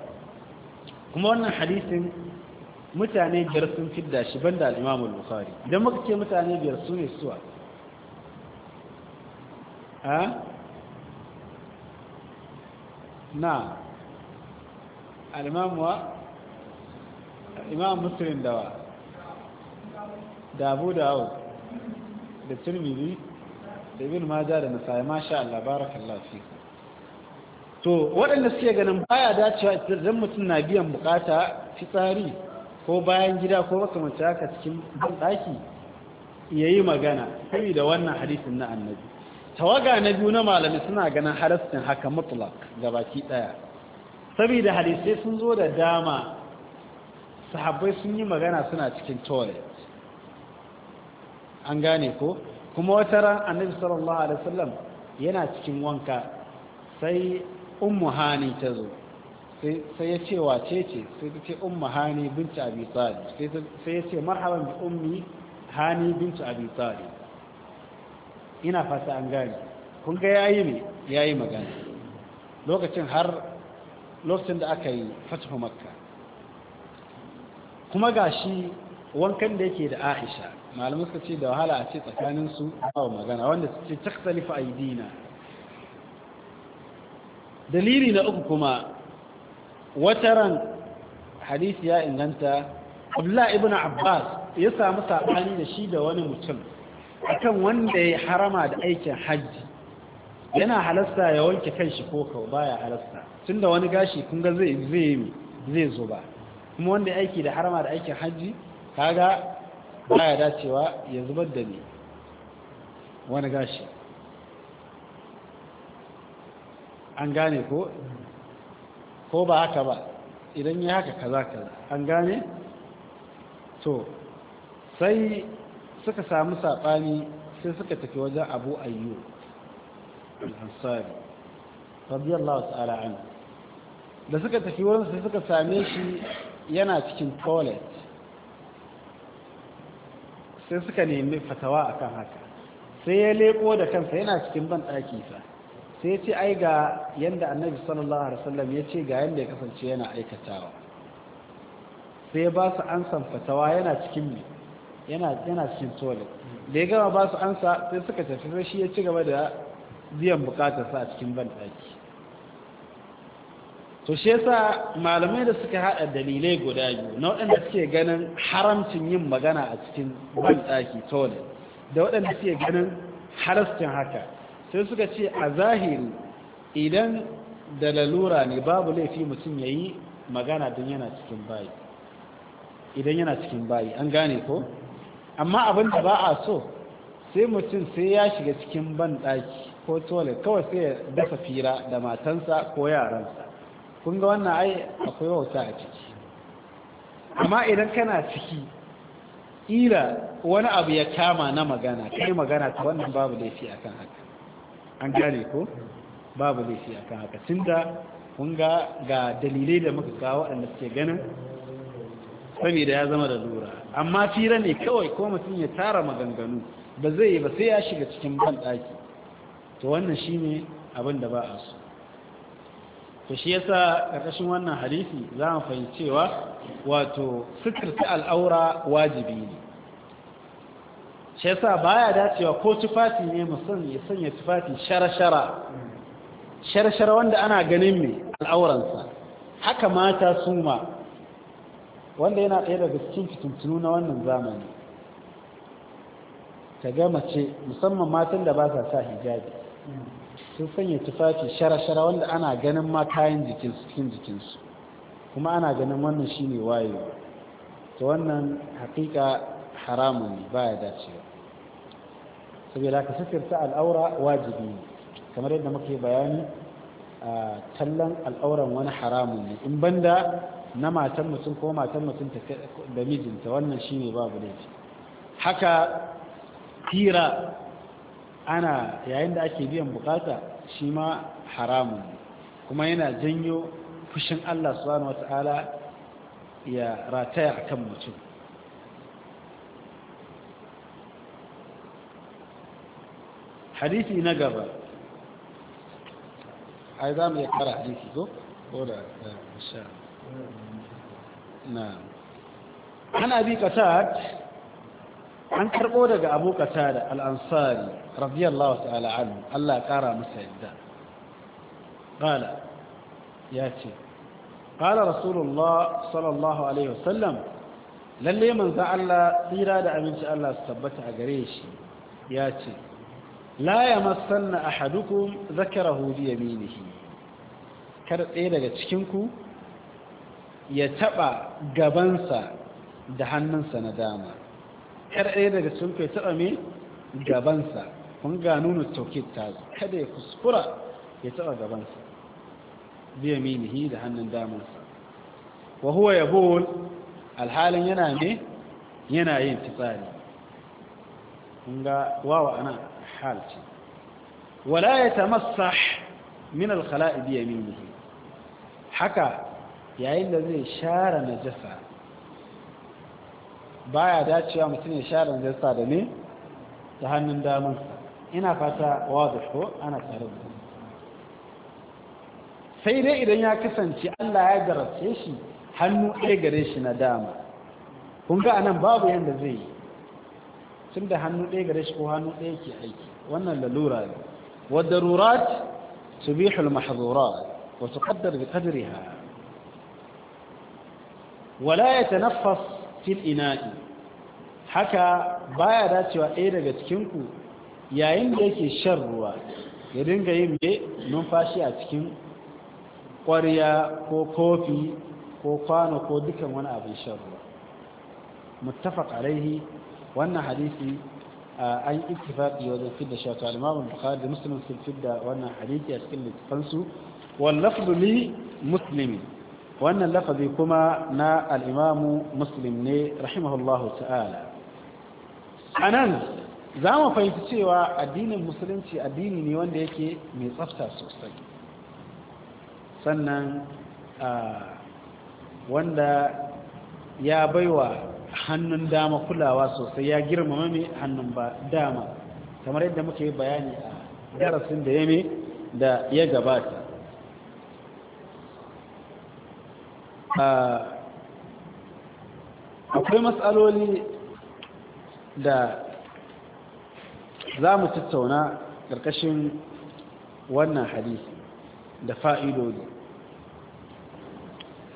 kuma wannan hadisin mutane biyar sun fidda shi banda da imam al-Bukhari idan muka ce mutane biyar su ne suwa a na al'imamu wa Imam Muslim dawa da Abu Dawud da Tirmidhi da Ibn maza da ya masha Allah barakallahu fiik to waɗanda suke ganin baya dacewa idan mutum na biyan bukata fitsari ko bayan gida ko makamanci haka cikin banɗaki ya yi magana kami da wannan hadisin na annabi tawaga na biyu na malami suna ganin halastin haka mutlak ga baki ɗaya saboda hadisai sun zo da dama sahabbai sun yi magana suna cikin toilet an gane ko kuma wata ran annabi sallallahu alaihi wasallam yana cikin wanka sai ummu hani ta zo sai ya ce wace ce sai ta ce ummu hani binci abi talib sai ya ce marhaban bi ummi hani binci abi talib ina fasa an gane kun ga yayi ne yayi magana lokacin har lokacin da aka yi fatahu makka kuma gashi wankan da yake da aisha malamu suka ce da wahala a ce tsakaninsu ba magana wanda su ce taksalifa aidina dalili na uku kuma wataran hadisi ya inganta abdullahi ibn abbas ya samu saɓani da shi da wani mutum akan wanda ya harama da aikin hajji yana halasta ya wanke kanshi ko kau baya halasta tunda wani gashi kun ga zai zai zai zo ba kuma wanda aiki da harama da aikin hajji kaga baya dacewa ya zubar da ni wani gashi an gane ko ko ba haka ba idan ya haka kaza kaza an gane to sai suka samu saɓani sai suka tafi wajen abu ayyu al-ansari radiyallahu ta'ala anhu da suka tafi wurin sai suka same shi yana cikin toilet sai suka nemi fatawa akan haka sai ya leko da kansa yana cikin ban ɗaki sa sai ce ai ga yadda annabi sallallahu alaihi wasallam ya ce ga yadda ya kasance yana aikatawa sai ba su ansan fatawa yana cikin mai yana cikin toilet da ya gama ba su ansa sai suka tafi sai shi ya ci gaba da biyan bukatar su a cikin ban to shi yasa malamai da suka haɗa dalilai guda biyu na waɗanda suke ganin haramcin yin magana a cikin banɗaki toilet da waɗanda suke ganin halascin haka sai suka ce a zahiri idan da lalura ne babu laifi mutum ya yi magana don yana cikin bayi idan yana cikin bayi an gane ko amma abin da ba a so sai mutum sai ya shiga cikin banɗaki ko tole kawai sai ya dafa fira da matansa ko yaransa kun ga wannan ai akwai wauta a ciki amma idan kana ciki ila wani abu ya kama na magana kai magana ta wannan babu laifi akan haka an gane ko babu laifi a kan haka tun da ga dalilai da muka kawo waɗanda suke ganin saboda ya zama da lura amma fira ne kawai ko mutum ya tara maganganu ba zai yi ba sai ya shiga cikin banɗaki to wannan shi ne abin da ba a so to shi yasa ƙarƙashin wannan hadisi za mu fahimci cewa wato sitirta al'aura wajibi ne shi yasa baya dacewa ko tufafi ne musulmi ya sanya tufafi shara-shara shara-shara wanda ana ganin mai al'auransa haka mata su ma wanda yana ɗaya daga cikin fitintunu na wannan zamani ta ga mace musamman matan da ba sa sa hijabi sun sanya tufafi shara-shara wanda ana ganin ma kayan jikinsu cikin jikinsu kuma ana ganin wannan shine waye. ta wannan haƙiƙa haramun ba ya dacewa saboda ka sifirta al'aura wajibi ne kamar yadda muke bayani a tallan al'auran wani haramun ne in banda na matan mutum ko matan mutum da mijinta wannan shine babu laifi haka hira ana yayin da ake biyan bukata shi ma haramun kuma yana janyo fushin Allah subhanahu wata'ala ya rataya akan mutum hadisi na gaba ai za mu yi kara hadisi ko? ko da sha na ana bi kasad an karbo daga abu kasada al'ansari radiyallahu ta'ala anhu Allah ya kara masa yadda ƙala ya ce ƙala rasulullah sallallahu alaihi wasallam lalle manzan Allah tsira da abinci Allah su tabbata a gare shi ya ce la ya masanna ahadukum zakarahu bi yaminihi kar ɗaya daga cikin ku ya taba gabansa da hannunsa na dama kar ɗaya daga cikin ku ya taba me gabansa kun ga nuna tauke ta kada ya kuskura ya taba gabansa bi yaminihi da hannun damansa wa huwa yabul alhalin yana ne yana yin fitsari kun ga wawa ana حال شيء ولا ya من min بيمينه khalai bi yaminihi haka yayin da zai share najasa baya dacewa mutum ya share najasa da ne ta hannun damansa ina fata ko ana sai dai idan ya kasance Allah ya garace shi hannu ɗaya gare shi na dama kun ga anan babu yadda zai yi tun da hannu ɗaya gare shi ko hannu ɗaya ke aiki wannan lalura ne wadda rurat su bihul mahazura wasu kaddar da kadiri ha wala ya nafas fil ina'i haka baya dacewa ɗaya daga cikinku yayin da yake shan ruwa ya dinga yin be numfashi a cikin ƙwariya ko kofi ko kwano ko dukan wani abin shan ruwa muttafaq alaihi wannan hadisi an ittifaqi wajen fidda shata al-Imam Bukhari da Muslim sun fidda wannan hadisi a cikin littafansu wal lafzu li Muslim wannan lafazi kuma na al-Imam Muslim ne rahimahullahu ta'ala anan za mu fahimci cewa addinin musulunci addini ne wanda yake mai tsafta sosai sannan wanda ya baiwa hannun dama kulawa sosai ya girmama mai hannun ba dama kamar yadda muka yi bayani a darasin da ya mai da ya gabata akwai matsaloli da za mu tattauna ƙarƙashin wannan hadisi da fa'idodi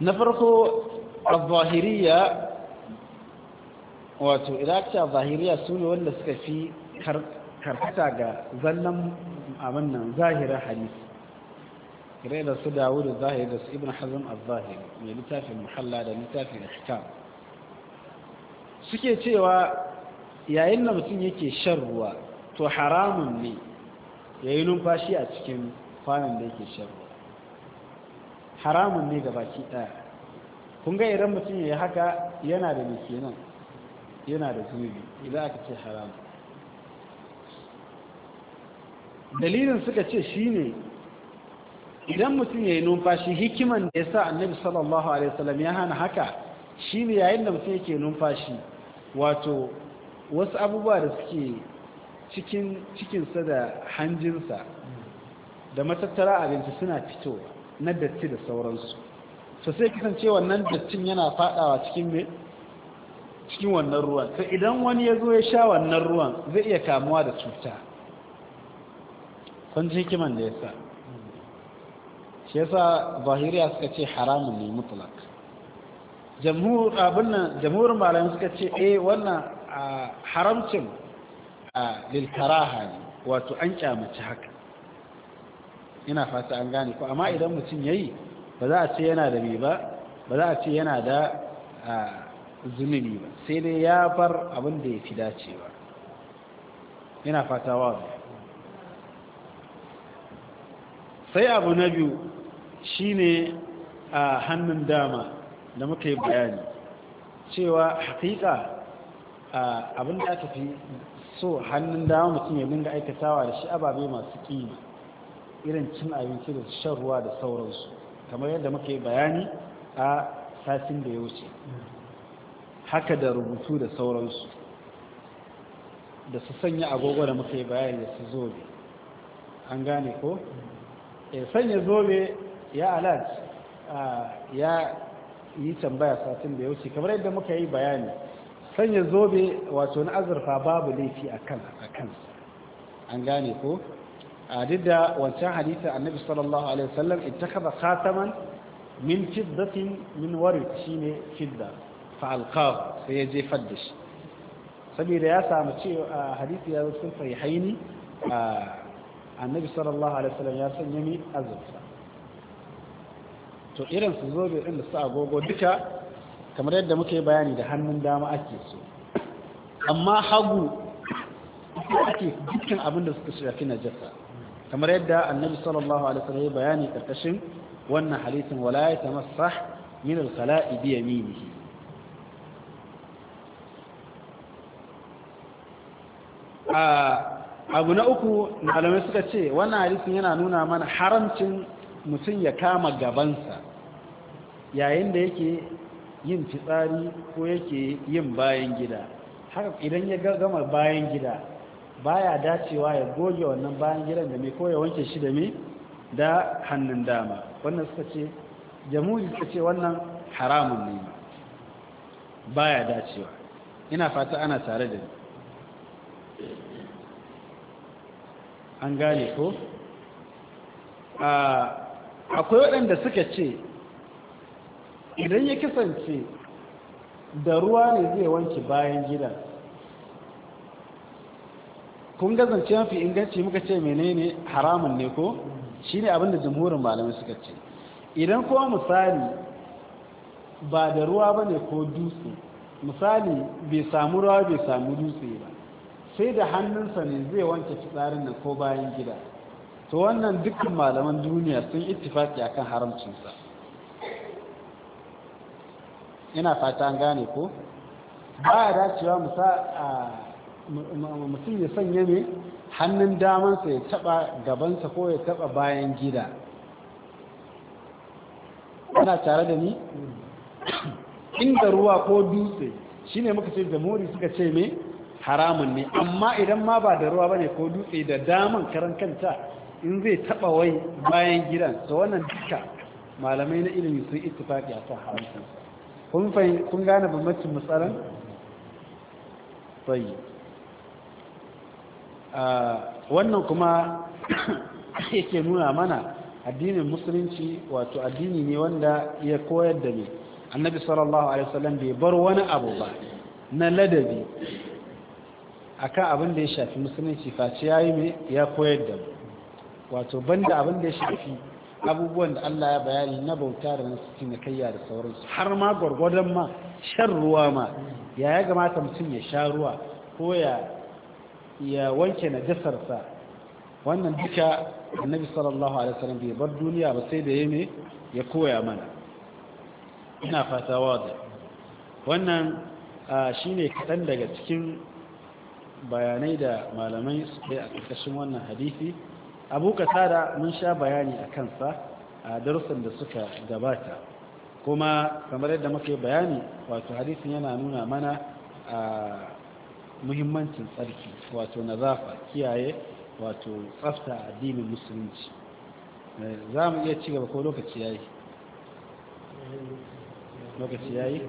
na farko a zahiriya wato irakta zahiriya su ne wanda suka fi karkata ga zannan abin nan zahirar hadisi ire da su dawo da zahiri da su ibn hazm al-zahiri mai littafin muhalla da littafin ihkam suke cewa yayin da mutum yake shan ruwa to haramun ne yayi numfashi a cikin kwanan da yake shan ruwa haramun ne ga baki ɗaya kun ga idan mutum ya yi haka yana da mai kenan yana da zunubi idan aka ce haram dalilin suka ce shine idan mutum ya yi numfashi hikiman da ya sa annabi sallallahu alaihi wasallam ya hana haka shine yayin da mutum yake numfashi wato wasu abubuwa da suke cikin cikinsa da hanjinsa da matattara abinci suna fito na datti da sauransu sosai kasancewa nan dattin yana fadawa cikin cikin wannan ruwan sai idan wani ya zo ya sha wannan ruwan zai iya kamuwa da cuta kun ji hikiman da ya sa shi yasa zahiriya suka ce haramun ne mutlak jamhur abin nan jamhurin suka ce e wannan haramcin lil karaha ne wato an kyamaci haka ina fata an gane ko amma idan mutum yayi ba za a ce yana da me ba ba za a ce yana da zunubi ba sai dai ya bar abin da ya fi dacewa yana fata wa sai abu na biyu ne a hannun dama da muka yi bayani cewa hakika abin da aka fi so hannun dama mutum ya dinga aikatawa da shi ababe masu kima irin cin abinci da shan ruwa da sauransu kamar yadda muka yi bayani a sasin da ya wuce haka da rubutu da sauransu da su sanya agogo da muka yi bayan da su zobe an gane ko? ya eh, sanya zobe ya alat ya yi tambaya satin da ya wuce kamar yadda muka yi bayani sanya zobe wato na azurfa babu laifi a kansa an gane ko? a duk da wancan hadita annabi sallallahu alaihi wasallam kaba khataman min fiddatin min warid shine fidda fa'alƙar sai ya jefar da shi saboda ya samu cewa hadisi ya sun sahihaini annabi sallallahu alaihi wasallam ya sanya mi azurfa to irin su zobe din da su agogo duka kamar yadda muka yi bayani da hannun dama ake so amma hagu ake dukkan abin da suka shafi najasa kamar yadda annabi sallallahu alaihi wasallam ya bayani karkashin wannan hadisin wala yatamassah min al-khala'i bi yaminihi abu na uku malamai suka ce wannan hadisin yana nuna mana haramcin mutum ya kama gabansa yayin da yake yin fitsari ko yake yin bayan gida har idan ya gama bayan gida baya dacewa ya goge wannan bayan gidan da mai ko ya wanke shi da mai da hannun dama wannan suka ce jamuri suka ce wannan haramun ne baya dacewa ina fata ana tare da ni an gane ko akwai waɗanda suka ce idan ya kisance da ruwa ne zai wanke bayan gida kun gazance mafi inganci muka ce menene haramun ne ko shi ne abinda jamhurin malamai suka ce idan kuma misali ba da ruwa ba ne ko dutse misali bai samu ruwa bai samu dutse ba sai da hannunsa ne zai wanke fitsarin nan ko bayan gida to wannan dukkan malaman duniya sun ittifaki akan haramcinsa ina fata an gane ko ba a dacewa mutum ya sanya ne hannun damansa ya taba gabansa ko ya taba bayan gida ana tare da ni inda ruwa ko dutse shine muka ce da mori suka ce me haramun ne amma idan ma ba da ruwa bane ko dutse da daman karan kanta in zai taba wai bayan gidan to wannan duka malamai na ilimi sun ittifaqi kan haramcin kun fahim kun gane bambancin misalan tayi ah, wannan kuma [coughs] yake nuna mana addinin musulunci wato addini ne wanda ya koyar da ni annabi sallallahu alaihi wasallam bai bar wani abu ba na ladabi akan abin da ya shafi musulunci face yayi me ya koyar da mu wato banda abin da ya shafi abubuwan da Allah ya bayani na bauta da na suke na kayya da sauransu har ma gwargwadon ma shan ruwa ma ya ya gamata mutum ya sha ruwa ko ya ya wanke najasarsa wannan duka annabi sallallahu alaihi wasallam bai bar duniya ba sai da yeme ya koya mana ina fata wada wannan ah, shine kadan daga cikin bayanai da malamai suke a ƙarƙashin wannan hadisi abu ka tara mun sha bayani a kansa a darussan da suka gabata kuma kamar yadda muka yi bayani wato hadisin yana nuna mana a muhimmancin tsarki wato na zafa kiyaye wato tsafta a addinin musulunci eh, za mu iya cigaba ko lokaci ya yi. lokaci ya yi?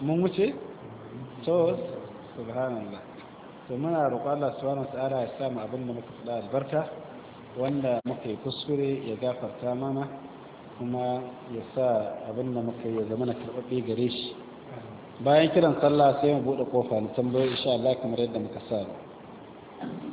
mun wuce to subhanallah to muna roƙon Allah subhanahu wataala ya samu abin da muka faɗa albarka wanda muka yi kuskure ya gafarta mana kuma ya sa abin da muka yi zama na karɓaɓɓe gare shi bayan kiran sallah sai mu buɗe kofa na tambayoyi insha Allah kamar yadda muka saba